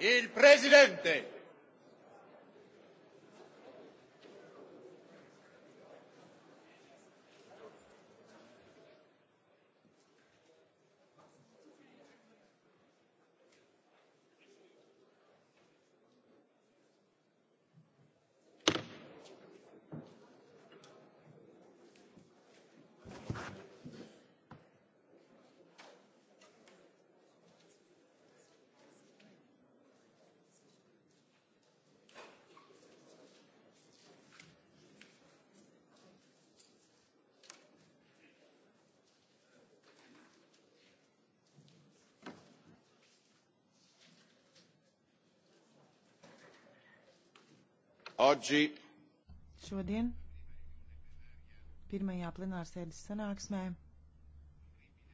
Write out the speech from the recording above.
Il Presidente. Oggi. Šodien pirmajā plenārsēdes sanāksmē